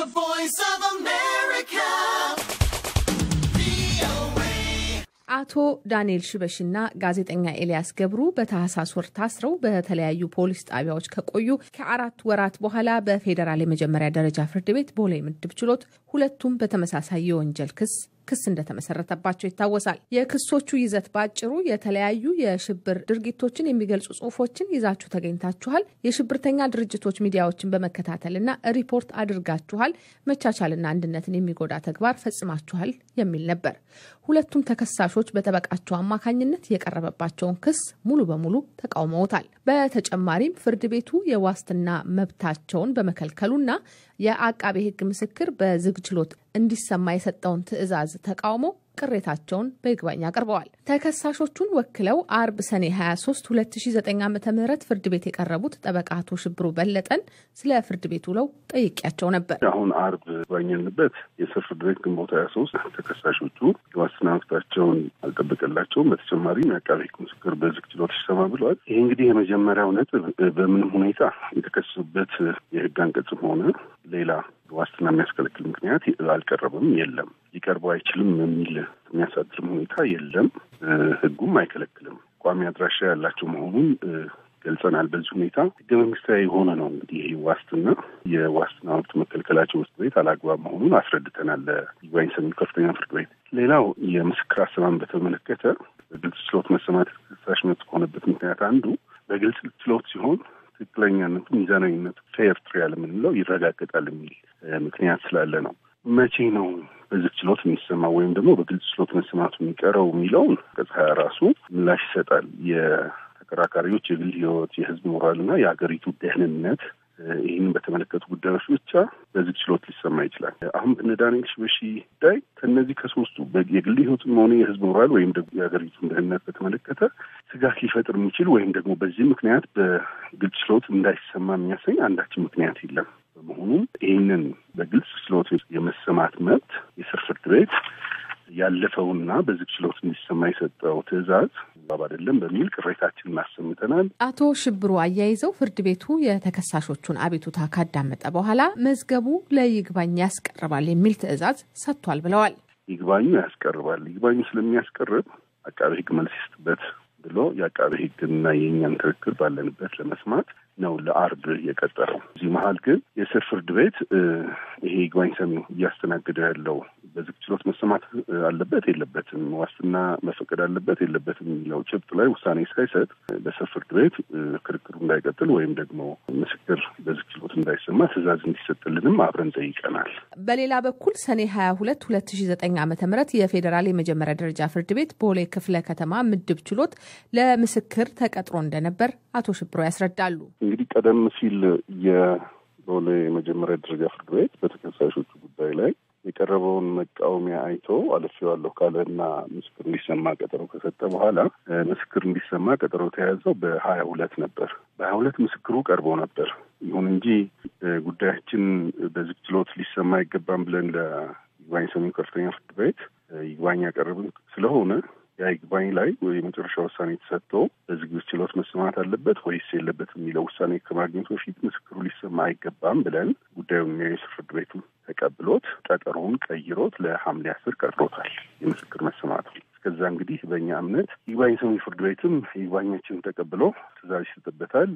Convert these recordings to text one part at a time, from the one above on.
The Voice of America. አቶ ዳንኤል ሽበሽና ጋዜጠኛ ኤልያስ ገብሩ በታህሳስ ወር ታስረው በተለያዩ ፖሊስ ጣቢያዎች ከቆዩ ከአራት ወራት በኋላ በፌዴራል የመጀመሪያ ደረጃ ፍርድ ቤት ቦሌ ምድብ ችሎት ሁለቱም በተመሳሳይ የወንጀል ክስ ክስ እንደተመሰረተባቸው ይታወሳል። የክሶቹ ይዘት ባጭሩ የተለያዩ የሽብር ድርጊቶችን የሚገልጹ ጽሁፎችን ይዛችሁ ተገኝታችኋል፣ የሽብርተኛ ድርጅቶች ሚዲያዎችን በመከታተልና ሪፖርት አድርጋችኋል፣ መቻቻልና አንድነትን የሚጎዳ ተግባር ፈጽማችኋል የሚል ነበር። ሁለቱም ተከሳሾች በጠበቃቸው አማካኝነት የቀረበባቸውን ክስ ሙሉ በሙሉ ተቃውመውታል። በተጨማሪም ፍርድ ቤቱ የዋስትና መብታቸውን በመከልከሉና የአቃቤ ሕግ ምስክር በዝግ ችሎት እንዲሰማ የሰጠውን ትዕዛዝ ተቃውሞ ቅሬታቸውን በይግባኝ አቅርበዋል። ተከሳሾቹን ወክለው አርብ ሰኔ 23 2009 ዓ ም ፍርድ ቤት የቀረቡት ጠበቃ አቶ ሽብሩ በለጠን ስለ ፍርድ ቤት ውለው ጠይቄያቸው ነበር። አሁን አርብ ባኘንበት የስር ፍርድ ቤት ግንቦት 23 ተከሳሾቹ የዋስትና መብታቸውን አልጠበቀላቸውም። በተጨማሪም የአቃቤ ሕግ ምስክር በዝግ ችሎት ሲሰማ ብለዋል። ይህ እንግዲህ የመጀመሪያው ነጥብ በምንም ሁኔታ የተከሰሱበት የህግ አንቀጽም ሆነ ሌላ ዋስትና የሚያስከለክል ምክንያት አልቀረበም፣ የለም፣ ሊቀርቡ አይችልም የሚል የሚያሳድርም ሁኔታ የለም። ህጉም አይከለክልም። ቋሚ አድራሻ ያላቸው መሆኑን ገልጸናል። በዚህ ሁኔታ ህገ መንግስታዊ የሆነ ነው እንግዲህ ይህ ዋስትና የዋስትና መብት መከልከላቸው ፍርድ ቤት አላግባብ መሆኑን አስረድተናል ለይግባኝ ሰሚው ከፍተኛ ፍርድ ቤት። ሌላው የምስክር አሰማን በተመለከተ በግልጽ ችሎት መሰማት ተከሳሽ ከሆነበት ምክንያት አንዱ በግልጽ ችሎት ሲሆን ትክክለኛነቱ፣ ሚዛናዊነቱ ፌር ትሪያል የምንለው ይረጋገጣል የሚል ምክንያት ስላለ ነው። መቼ ነው በዚህ ችሎት የሚሰማው ወይም ደግሞ በግልጽ ችሎት መሰማቱ የሚቀረው የሚለውን አንቀጽ ሀያ ራሱ ምላሽ ይሰጣል። የተከራካሪዎች የግል የህዝብ ሞራል ሞራልና የሀገሪቱ ደህንነት ይህንን በተመለከቱ ጉዳዮች ብቻ በዚህ ችሎት ሊሰማ ይችላል። አሁን እነ ዳንኤል ሽበሺ ጉዳይ ከእነዚህ ከሶስቱ የግል ህይወትም ሆነ የህዝብ ሞራል ወይም ደግሞ የሀገሪቱን ደህንነት በተመለከተ ስጋት ሊፈጥር የሚችል ወይም ደግሞ በዚህ ምክንያት በግል ችሎት እንዳይሰማ የሚያሰኝ አንዳችን ምክንያት የለም። በመሆኑም ይህንን በግልጽ ችሎት የመሰማት መብት የስር ፍርድ ቤት ያለፈውና በዚህ ችሎት እንዲሰማ የሰጠው ትዕዛዝ ባብ አይደለም በሚል ቅሬታችን አሰምተናል። አቶ ሽብሩ አያይዘው ፍርድ ቤቱ የተከሳሾቹን አቤቱታ ካዳመጠ በኋላ መዝገቡ ለይግባኝ ያስቀርባል የሚል ትዕዛዝ ሰጥቷል ብለዋል። ይግባኙ ያስቀርባል። ይግባኙ ስለሚያስቀርብ አቃቤ ሕግ መልስ ይስጥበት ብሎ የአቃቤ ሕግና የእኛን ክርክር ባለንበት ለመስማት ነው ለአርብ የቀጠረው። እዚህ መሀል ግን የስር ፍርድ ቤት ይሄ ይግባኝ ሰሚ እያስተናገደው ያለው በዝግ ችሎት መሰማት አለበት የለበትም፣ ዋስትና መፈቀድ አለበት የለበትም የሚለው ጭብጥ ላይ ውሳኔ ሳይሰጥ በሰፍርድ ፍርድ ቤት ክርክሩ እንዳይቀጥል ወይም ደግሞ ምስክር በዝግ ችሎት እንዳይሰማ ትእዛዝ እንዲሰጥልንም አብረን ጠይቀናል። በሌላ በኩል ሰኔ ሀያ ሁለት ሁለት ሺ ዘጠኝ ዓመተ ምህረት የፌዴራል የመጀመሪያ ደረጃ ፍርድ ቤት ቦሌ ክፍለ ከተማ ምድብ ችሎት ለምስክር ተቀጥሮ እንደነበር አቶ ሽብሮ ያስረዳሉ። እንግዲህ ቀደም ሲል የቦሌ የመጀመሪያ ደረጃ ፍርድ ቤት በተከሳሾቹ ጉዳይ ላይ የቀረበውን መቃወሚያ አይቶ አልፌዋለሁ ካለና ምስክር እንዲሰማ ቀጠሮ ከሰጠ በኋላ ምስክር እንዲሰማ ቀጠሮ ተያዘው በሀያ ሁለት ነበር። በሀያ ሁለት ምስክሩ ቀርቦ ነበር። ይሁን እንጂ ጉዳያችን በዝግ ችሎት ሊሰማ አይገባም ብለን ለይግባኝ ሰሚው ከፍተኛ ፍርድ ቤት ይግባኝ ያቀረብን ስለሆነ ያ ይግባኝ ላይ የመጨረሻ ውሳኔ ተሰጥቶ በዝግ ችሎት መሰማት አለበት ወይስ የለበትም የሚለው ውሳኔ ከማግኘቱ በፊት ምስክሩ ሊሰማ አይገባም ብለን ጉዳዩ የሚያዩ ፍርድ ቤቱ ተቀብሎት ቀጠሮውን ቀይሮት ለሐምሌ አስር ቀጥሮታል የምስክር መሰማቱ። እስከዛ እንግዲህ በእኛ እምነት ይግባኝ ሰሚ ፍርድ ቤትም ይግባኛችን ተቀብሎ ትዕዛዝ ይሰጥበታል።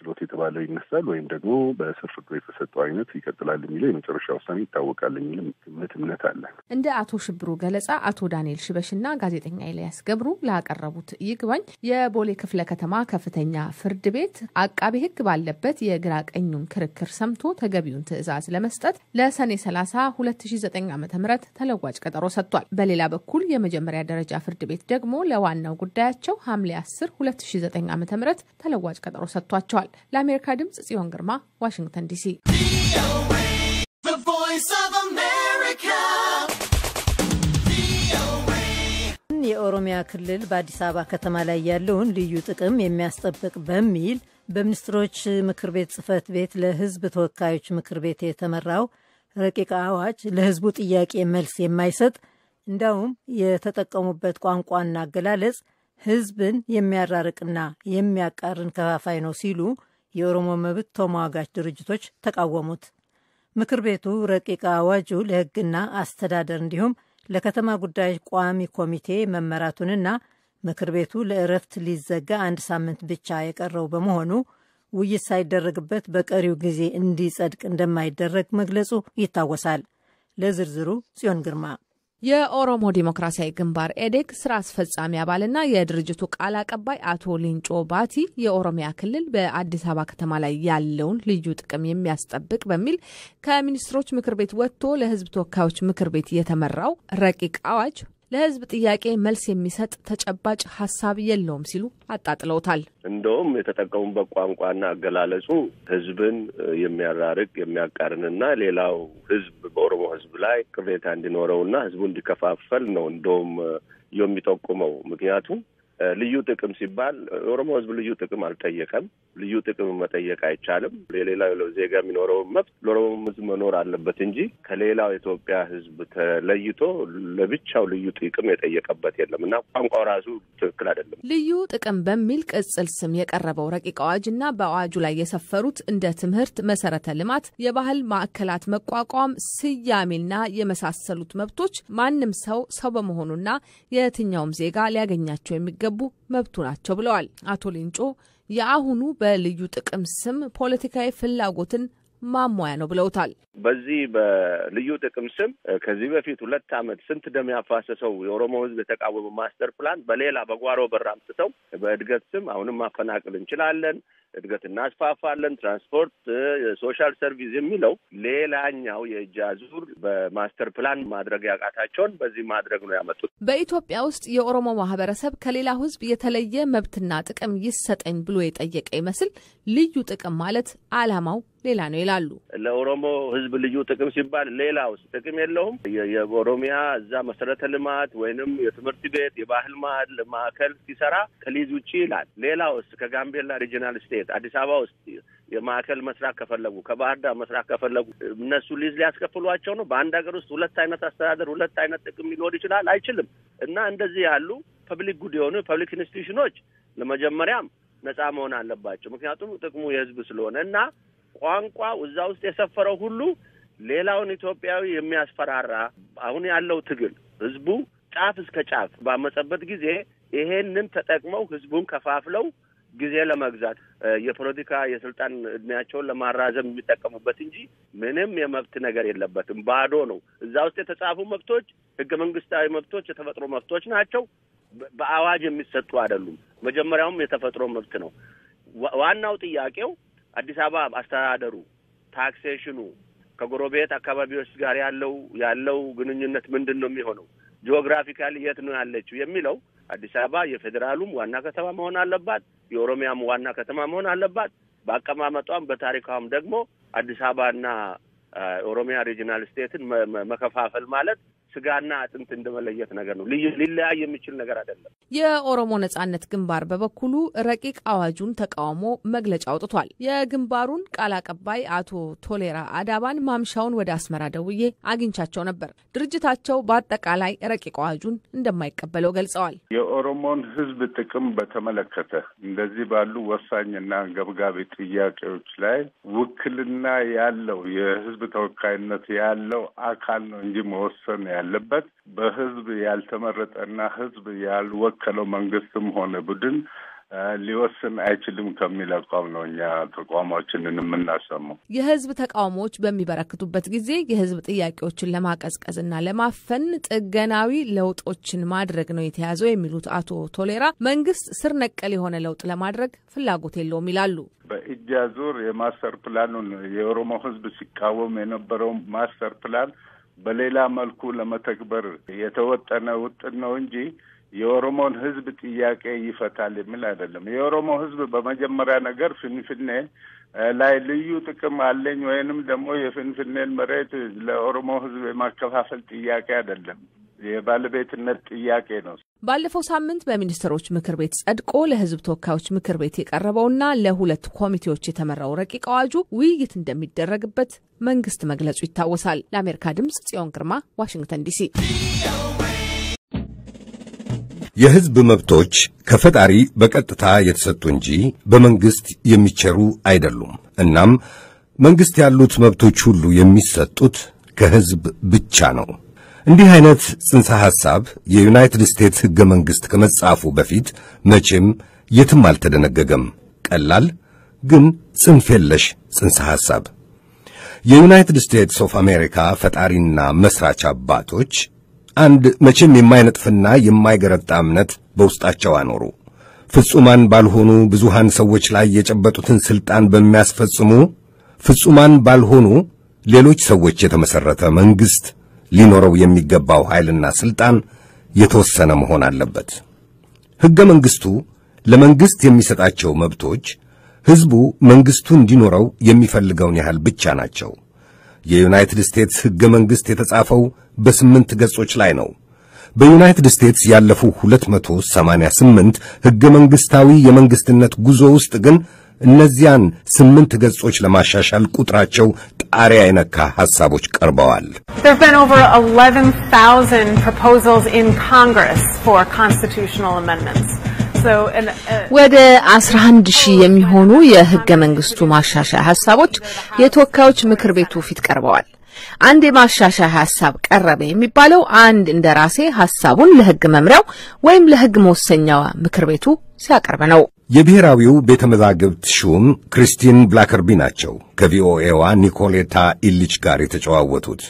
ችሎት የተባለው ይነሳል ወይም ደግሞ በእስር ፍርዶ የተሰጠው አይነት ይቀጥላል የሚለው የመጨረሻ ውሳኔ ይታወቃል የሚልም ግምት እምነት አለ። እንደ አቶ ሽብሩ ገለጻ አቶ ዳንኤል ሽበሽና ጋዜጠኛ ኤልያስ ገብሩ ላቀረቡት ይግባኝ የቦሌ ክፍለ ከተማ ከፍተኛ ፍርድ ቤት አቃቤ ሕግ ባለበት የግራ ቀኙን ክርክር ሰምቶ ተገቢውን ትዕዛዝ ለመስጠት ለሰኔ 30 2009 ዓ ም ተለዋጭ ቀጠሮ ሰጥቷል። በሌላ በኩል የመጀመሪያ ደረጃ ፍርድ ቤት ደግሞ ለዋናው ጉዳያቸው ሐምሌ 10 2009 ዓ ም ተለዋጭ ቀጠሮ ሰጥቷቸዋል። ተጠናቅቋል። ለአሜሪካ ድምጽ ጽዮን ግርማ ዋሽንግተን ዲሲ። የኦሮሚያ ክልል በአዲስ አበባ ከተማ ላይ ያለውን ልዩ ጥቅም የሚያስጠብቅ በሚል በሚኒስትሮች ምክር ቤት ጽህፈት ቤት ለህዝብ ተወካዮች ምክር ቤት የተመራው ረቂቅ አዋጅ ለህዝቡ ጥያቄ መልስ የማይሰጥ እንዲያውም የተጠቀሙበት ቋንቋና አገላለጽ ህዝብን የሚያራርቅና የሚያቃርን ከፋፋይ ነው ሲሉ የኦሮሞ መብት ተሟጋች ድርጅቶች ተቃወሙት። ምክር ቤቱ ረቂቅ አዋጁ ለህግና አስተዳደር እንዲሁም ለከተማ ጉዳዮች ቋሚ ኮሚቴ መመራቱንና ምክር ቤቱ ለእረፍት ሊዘጋ አንድ ሳምንት ብቻ የቀረው በመሆኑ ውይይት ሳይደረግበት በቀሪው ጊዜ እንዲጸድቅ እንደማይደረግ መግለጹ ይታወሳል። ለዝርዝሩ ጽዮን ግርማ የኦሮሞ ዴሞክራሲያዊ ግንባር ኤዴግ ስራ አስፈጻሚ አባልና የድርጅቱ ቃል አቀባይ አቶ ሊንጮ ባቲ የኦሮሚያ ክልል በአዲስ አበባ ከተማ ላይ ያለውን ልዩ ጥቅም የሚያስጠብቅ በሚል ከሚኒስትሮች ምክር ቤት ወጥቶ ለሕዝብ ተወካዮች ምክር ቤት የተመራው ረቂቅ አዋጅ ለህዝብ ጥያቄ መልስ የሚሰጥ ተጨባጭ ሀሳብ የለውም ሲሉ አጣጥለውታል። እንደውም የተጠቀሙበት ቋንቋና አገላለጹ ህዝብን የሚያራርቅ የሚያቃርንና ሌላው ህዝብ በኦሮሞ ህዝብ ላይ ቅሬታ እንዲኖረውና ህዝቡ እንዲከፋፈል ነው እንደውም የሚጠቁመው ምክንያቱም ልዩ ጥቅም ሲባል የኦሮሞ ህዝብ ልዩ ጥቅም አልጠየቀም። ልዩ ጥቅም መጠየቅ አይቻልም። የሌላው ዜጋ የሚኖረው መብት ለኦሮሞ ህዝብ መኖር አለበት እንጂ ከሌላው የኢትዮጵያ ህዝብ ተለይቶ ለብቻው ልዩ ጥቅም የጠየቀበት የለም እና ቋንቋው ራሱ ትክክል አይደለም። ልዩ ጥቅም በሚል ቅጽል ስም የቀረበው ረቂቅ አዋጅ እና በአዋጁ ላይ የሰፈሩት እንደ ትምህርት፣ መሰረተ ልማት፣ የባህል ማዕከላት መቋቋም፣ ስያሜና የመሳሰሉት መብቶች ማንም ሰው ሰው በመሆኑና የትኛውም ዜጋ ሊያገኛቸው የሚገ ከገቡ መብቱ ናቸው ብለዋል አቶ ሊንጮ። የአሁኑ በልዩ ጥቅም ስም ፖለቲካዊ ፍላጎትን ማሟያ ነው ብለውታል። በዚህ በልዩ ጥቅም ስም ከዚህ በፊት ሁለት ዓመት ስንት ደም ያፋሰሰው የኦሮሞ ሕዝብ የተቃወመ ማስተር ፕላን በሌላ በጓሮ በር አምጥተው በእድገት ስም አሁንም ማፈናቀል እንችላለን፣ እድገት እናስፋፋለን፣ ትራንስፖርት፣ ሶሻል ሰርቪስ የሚለው ሌላኛው የእጅ አዙር በማስተር ፕላን ማድረግ ያቃታቸውን በዚህ ማድረግ ነው ያመጡት። በኢትዮጵያ ውስጥ የኦሮሞ ማህበረሰብ ከሌላ ሕዝብ የተለየ መብትና ጥቅም ይሰጠኝ ብሎ የጠየቀ ይመስል ልዩ ጥቅም ማለት አላማው ሌላ ነው ይላሉ። ለኦሮሞ ህዝብ ልዩ ጥቅም ሲባል ውስጥ ጥቅም የለውም? የኦሮሚያ እዛ መሰረተ ልማት ወይንም የትምህርት ቤት የባህል ማል ማዕከል ሲሰራ ከሊዝ ውጭ ይላል። ውስጥ ከጋምቤላ ሪጂናል ስቴት አዲስ አበባ ውስጥ የማዕከል መስራት ከፈለጉ ከባህር ዳር መስራት ከፈለጉ እነሱ ሊዝ ሊያስከፍሏቸው ነው። በአንድ ሀገር ውስጥ ሁለት አይነት አስተዳደር ሁለት አይነት ጥቅም ሊኖር ይችላል አይችልም። እና እንደዚህ ያሉ ፐብሊክ ጉድ የሆኑ የፐብሊክ ኢንስቲቱሽኖች ለመጀመሪያም ነጻ መሆን አለባቸው። ምክንያቱም ጥቅሙ የህዝብ ስለሆነ እና ቋንቋ እዛ ውስጥ የሰፈረው ሁሉ ሌላውን ኢትዮጵያዊ የሚያስፈራራ አሁን ያለው ትግል ህዝቡ ጫፍ እስከ ጫፍ ባመጸበት ጊዜ ይሄንን ተጠቅመው ህዝቡን ከፋፍለው ጊዜ ለመግዛት የፖለቲካ የስልጣን እድሜያቸውን ለማራዘም የሚጠቀሙበት እንጂ ምንም የመብት ነገር የለበትም። ባዶ ነው። እዛ ውስጥ የተጻፉ መብቶች ህገ መንግስታዊ መብቶች፣ የተፈጥሮ መብቶች ናቸው። በአዋጅ የሚሰጡ አይደሉም። መጀመሪያውም የተፈጥሮ መብት ነው። ዋናው ጥያቄው አዲስ አበባ አስተዳደሩ፣ ታክሴሽኑ ከጎረቤት አካባቢዎች ጋር ያለው ያለው ግንኙነት ምንድን ነው የሚሆነው፣ ጂኦግራፊካሊ የት ነው ያለችው የሚለው አዲስ አበባ የፌዴራሉም ዋና ከተማ መሆን አለባት፣ የኦሮሚያም ዋና ከተማ መሆን አለባት። በአቀማመጧም በታሪካም ደግሞ አዲስ አበባና ኦሮሚያ ሪጂናል ስቴትን መከፋፈል ማለት ስጋና አጥንት እንደመለየት ነገር ነው። ሊለያይ የሚችል ነገር አይደለም። የኦሮሞ ነጻነት ግንባር በበኩሉ ረቂቅ አዋጁን ተቃውሞ መግለጫ አውጥቷል። የግንባሩን ቃል አቀባይ አቶ ቶሌራ አዳባን ማምሻውን ወደ አስመራ ደውዬ አግኝቻቸው ነበር። ድርጅታቸው በአጠቃላይ ረቂቅ አዋጁን እንደማይቀበለው ገልጸዋል። የኦሮሞን ሕዝብ ጥቅም በተመለከተ እንደዚህ ባሉ ወሳኝና ገብጋቢ ጥያቄዎች ላይ ውክልና ያለው የሕዝብ ተወካይነት ያለው አካል ነው እንጂ መወሰን ያለበት በህዝብ ያልተመረጠና ህዝብ ያልወከለው መንግስትም ሆነ ቡድን ሊወስን አይችልም ከሚል አቋም ነው እኛ ተቃውሞችንን የምናሰማው። የህዝብ ተቃውሞዎች በሚበረክቱበት ጊዜ የህዝብ ጥያቄዎችን ለማቀዝቀዝ ለማፈን ጥገናዊ ለውጦችን ማድረግ ነው የተያዘው የሚሉት አቶ ቶሌራ መንግስት ስር ነቀል የሆነ ለውጥ ለማድረግ ፍላጎት የለውም ይላሉ። በእጃ ዙር የማስተር ፕላኑን የኦሮሞ ህዝብ ሲቃወም የነበረው ማስተር ፕላን በሌላ መልኩ ለመተግበር የተወጠነ ውጥን ነው እንጂ የኦሮሞን ህዝብ ጥያቄ ይፈታል የሚል አይደለም። የኦሮሞ ህዝብ በመጀመሪያ ነገር ፍንፍኔ ላይ ልዩ ጥቅም አለኝ ወይንም ደግሞ የፍንፍኔን መሬት ለኦሮሞ ህዝብ የማከፋፈል ጥያቄ አይደለም። የባለቤትነት ጥያቄ ነው። ባለፈው ሳምንት በሚኒስትሮች ምክር ቤት ጸድቆ ለሕዝብ ተወካዮች ምክር ቤት የቀረበውና ለሁለት ኮሚቴዎች የተመራው ረቂቅ አዋጁ ውይይት እንደሚደረግበት መንግስት መግለጹ ይታወሳል። ለአሜሪካ ድምጽ ጽዮን ግርማ ዋሽንግተን ዲሲ። የሕዝብ መብቶች ከፈጣሪ በቀጥታ የተሰጡ እንጂ በመንግሥት የሚቸሩ አይደሉም። እናም መንግሥት ያሉት መብቶች ሁሉ የሚሰጡት ከሕዝብ ብቻ ነው። እንዲህ አይነት ጽንሰ ሐሳብ የዩናይትድ ስቴትስ ሕገ መንግሥት ከመጻፉ በፊት መቼም የትም አልተደነገገም። ቀላል ግን ጽንፍ የለሽ ጽንሰ ሐሳብ። የዩናይትድ ስቴትስ ኦፍ አሜሪካ ፈጣሪና መሥራች አባቶች አንድ መቼም የማይነጥፍና የማይገረጣ እምነት በውስጣቸው አኖሩ። ፍጹማን ባልሆኑ ብዙሃን ሰዎች ላይ የጨበጡትን ሥልጣን በሚያስፈጽሙ ፍጹማን ባልሆኑ ሌሎች ሰዎች የተመሠረተ መንግሥት ሊኖረው የሚገባው ኃይልና ሥልጣን የተወሰነ መሆን አለበት። ሕገ መንግሥቱ ለመንግሥት የሚሰጣቸው መብቶች ሕዝቡ መንግሥቱ እንዲኖረው የሚፈልገውን ያህል ብቻ ናቸው። የዩናይትድ ስቴትስ ሕገ መንግሥት የተጻፈው በስምንት ገጾች ላይ ነው። በዩናይትድ ስቴትስ ያለፉ 288 ሕገ መንግሥታዊ የመንግሥትነት ጉዞ ውስጥ ግን እነዚያን ስምንት ገጾች ለማሻሻል ቁጥራቸው ጣሪያ የነካ ሐሳቦች ቀርበዋል። uh, ወደ 11 ሺህ የሚሆኑ የህገ መንግስቱ ማሻሻያ ሐሳቦች የተወካዮች ምክር ቤቱ ፊት ቀርበዋል። አንድ የማሻሻያ ሐሳብ ቀረበ የሚባለው አንድ እንደራሴ ሐሳቡን ለህግ መምሪያው ወይም ለህግ መወሰኛ ምክር ቤቱ ሲያቀርብ ነው። የብሔራዊው ቤተ መዛግብት ሹም ክሪስቲን ብላከርቢ ናቸው ከቪኦኤዋ ኒኮሌታ ኢልች ጋር የተጨዋወቱት።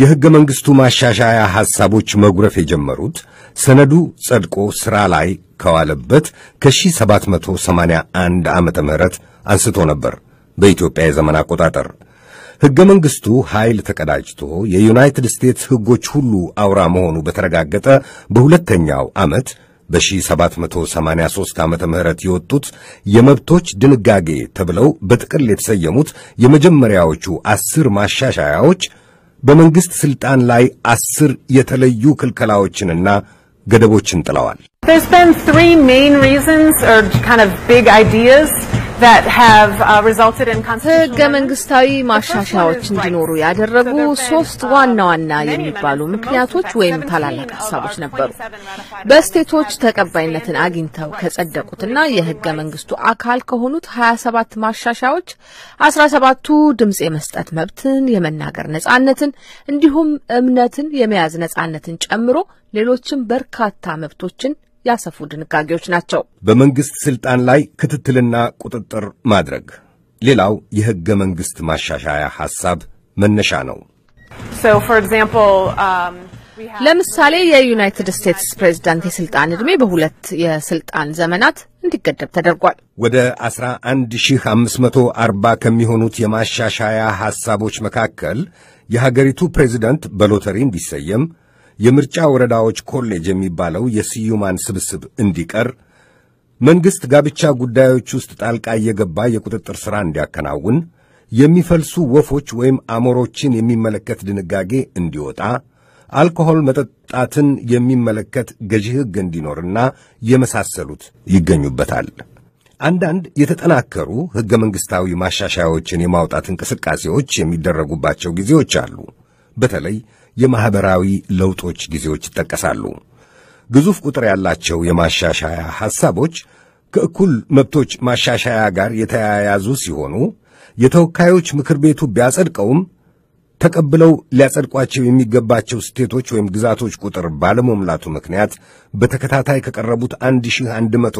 የሕገ መንግሥቱ ማሻሻያ ሐሳቦች መጉረፍ የጀመሩት ሰነዱ ጸድቆ ሥራ ላይ ከዋለበት ከ1781 ዓመተ ምህረት አንስቶ ነበር በኢትዮጵያ የዘመን አቆጣጠር። ሕገ መንግሥቱ ኃይል ተቀዳጅቶ የዩናይትድ ስቴትስ ሕጎች ሁሉ አውራ መሆኑ በተረጋገጠ በሁለተኛው ዓመት በ1783 ዓመተ ምህረት የወጡት የመብቶች ድንጋጌ ተብለው በጥቅል የተሰየሙት የመጀመሪያዎቹ አስር ማሻሻያዎች በመንግሥት ሥልጣን ላይ አስር የተለዩ ክልከላዎችንና ገደቦችን ጥለዋል። Uh, ህገመንግስታዊ መንግስታዊ ማሻሻያዎች እንዲኖሩ ያደረጉ ሶስት ዋና ዋና የሚባሉ ምክንያቶች ወይም ታላላቅ ሀሳቦች ነበሩ። በስቴቶች ተቀባይነትን አግኝተው ከጸደቁትና የህገ መንግስቱ አካል ከሆኑት ሀያ ሰባት ማሻሻያዎች አስራ ሰባቱ ድምጽ የመስጠት መብትን፣ የመናገር ነጻነትን እንዲሁም እምነትን የመያዝ ነጻነትን ጨምሮ ሌሎችም በርካታ መብቶችን ያሰፉ ድንጋጌዎች ናቸው። በመንግሥት ሥልጣን ላይ ክትትልና ቁጥጥር ማድረግ ሌላው የሕገ መንግሥት ማሻሻያ ሐሳብ መነሻ ነው። um, ለምሳሌ የዩናይትድ ስቴትስ ፕሬዚዳንት የስልጣን ዕድሜ በሁለት የስልጣን ዘመናት እንዲገደብ ተደርጓል። ወደ 11540 ከሚሆኑት የማሻሻያ ሐሳቦች መካከል የሀገሪቱ ፕሬዝዳንት በሎተሪ እንዲሰየም የምርጫ ወረዳዎች ኮሌጅ የሚባለው የስዩማን ስብስብ እንዲቀር መንግሥት ጋብቻ ጉዳዮች ውስጥ ጣልቃ እየገባ የቁጥጥር ሥራ እንዲያከናውን የሚፈልሱ ወፎች ወይም አሞሮችን የሚመለከት ድንጋጌ እንዲወጣ አልኮሆል መጠጣትን የሚመለከት ገዢ ሕግ እንዲኖርና የመሳሰሉት ይገኙበታል። አንዳንድ የተጠናከሩ ሕገ መንግሥታዊ ማሻሻያዎችን የማውጣት እንቅስቃሴዎች የሚደረጉባቸው ጊዜዎች አሉ። በተለይ የማኅበራዊ ለውጦች ጊዜዎች ይጠቀሳሉ። ግዙፍ ቁጥር ያላቸው የማሻሻያ ሐሳቦች ከእኩል መብቶች ማሻሻያ ጋር የተያያዙ ሲሆኑ የተወካዮች ምክር ቤቱ ቢያጸድቀውም ተቀብለው ሊያጸድቋቸው የሚገባቸው ስቴቶች ወይም ግዛቶች ቁጥር ባለመሙላቱ ምክንያት በተከታታይ ከቀረቡት አንድ ሺህ አንድ መቶ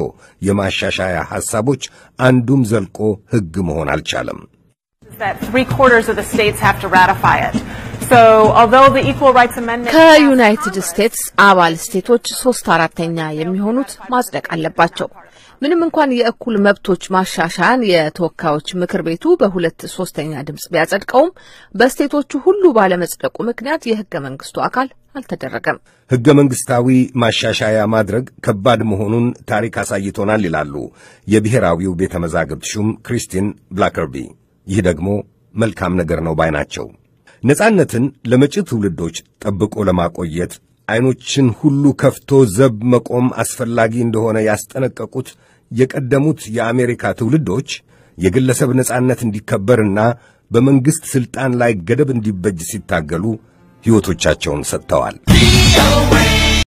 የማሻሻያ ሐሳቦች አንዱም ዘልቆ ሕግ መሆን አልቻለም። ከዩናይትድ ስቴትስ አባል ስቴቶች ሶስት አራተኛ የሚሆኑት ማጽደቅ አለባቸው። ምንም እንኳን የእኩል መብቶች ማሻሻያን የተወካዮች ምክር ቤቱ በሁለት ሶስተኛ ድምጽ ቢያጸድቀውም በስቴቶቹ ሁሉ ባለመጽደቁ ምክንያት የህገ መንግስቱ አካል አልተደረገም። ህገ መንግስታዊ ማሻሻያ ማድረግ ከባድ መሆኑን ታሪክ አሳይቶናል ይላሉ የብሔራዊው ቤተ መዛግብት ሹም ክሪስቲን ብላከርቢ። ይህ ደግሞ መልካም ነገር ነው ባይ ናቸው። ነፃነትን ለመጪ ትውልዶች ጠብቆ ለማቆየት ዐይኖችን ሁሉ ከፍቶ ዘብ መቆም አስፈላጊ እንደሆነ ያስጠነቀቁት የቀደሙት የአሜሪካ ትውልዶች የግለሰብ ነፃነት እንዲከበርና በመንግሥት ሥልጣን ላይ ገደብ እንዲበጅ ሲታገሉ ሕይወቶቻቸውን ሰጥተዋል።